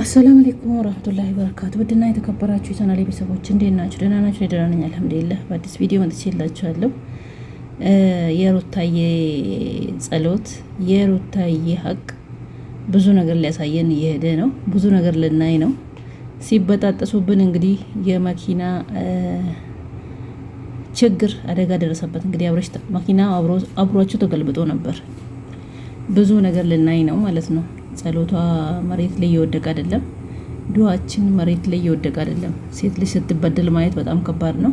አሰላም አለይኩም ወራህመቱላሂ በረካቱ። ውድና የተከበራችሁ የቻናሌ ቤተሰቦች እንዴት ናችሁ? ደህና ናችሁ? ደህና ነኝ አልሐምዱሊላህ። በአዲስ ቪዲዮ መጥቼላችኋለሁ። የሩታዬ ጸሎት፣ የሩታዬ ሀቅ ብዙ ነገር ሊያሳየን እየሄደ ነው። ብዙ ነገር ልናይ ነው። ሲበጣጠሱብን እንግዲህ የመኪና ችግር አደጋ ደረሰበት። እንግዲህ አብረሽ መኪና አብሯቸው ተገልብጦ ነበር። ብዙ ነገር ልናይ ነው ማለት ነው። ጸሎቷ መሬት ላይ እየወደቀ አይደለም፣ ዱዋችን መሬት ላይ እየወደቀ አይደለም። ሴት ልጅ ስትበደል ማየት በጣም ከባድ ነው።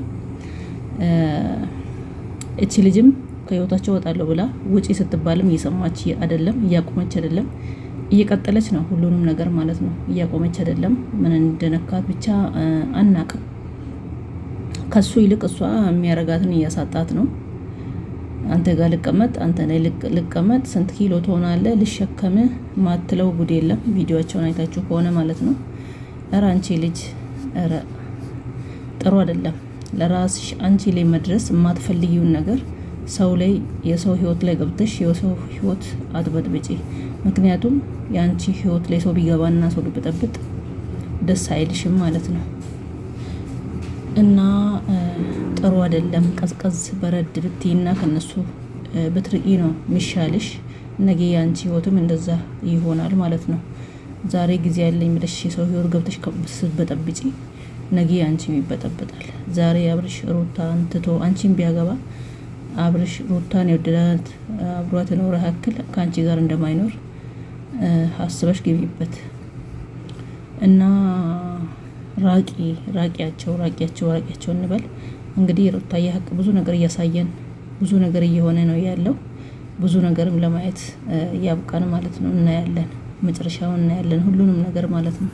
እቺ ልጅም ከህይወታቸው ወጣለሁ ብላ ውጪ ስትባልም እየሰማች አይደለም፣ እያቆመች አይደለም። እየቀጠለች ነው ሁሉንም ነገር ማለት ነው። እያቆመች አይደለም። ምን እንደነካት ብቻ አናቅም። ከሱ ይልቅ እሷ የሚያረጋትን እያሳጣት ነው። አንተ ጋር ልቀመጥ፣ አንተ ላይ ልቀመጥ፣ ስንት ኪሎ ትሆናለህ፣ ልሸከም ማትለው ጉድ የለም። ቪዲዮቸውን አይታችሁ ከሆነ ማለት ነው። ኧረ አንቺ ልጅ ጥሩ አይደለም። ለራስሽ አንቺ ላይ መድረስ የማትፈልጊውን ነገር ሰው ላይ የሰው ህይወት ላይ ገብተሽ የሰው ህይወት አትበጥብጪ። ምክንያቱም የአንቺ ህይወት ላይ ሰው ቢገባና ሰው ቢበጠብጥ ደስ አይልሽም ማለት ነው እና ጥሩ አይደለም። ቀዝቀዝ በረድ ብትይና ከነሱ ብትርቂ ነው ሚሻልሽ። ነገ የአንቺ ህይወትም እንደዛ ይሆናል ማለት ነው። ዛሬ ጊዜ ያለኝ ብለሽ የሰው ህይወት ገብተሽ ስትበጠብጪ ነገ አንቺም ይበጠብጣል። ዛሬ አብርሽ ሩታን ትቶ አንቺም ቢያገባ አብርሽ ሩታን የወደዳት አብሯት የኖረ ያክል ከአንቺ ጋር እንደማይኖር አስበሽ ግቢበት እና ራቂ ራቂያቸው ራቂያቸው ራቂያቸው እንበል። እንግዲህ ሩታዬ ሀቅ ብዙ ነገር እያሳየን ብዙ ነገር እየሆነ ነው ያለው። ብዙ ነገርም ለማየት ያብቃን ማለት ነው። እናያለን፣ መጨረሻውን እናያለን፣ ሁሉንም ነገር ማለት ነው።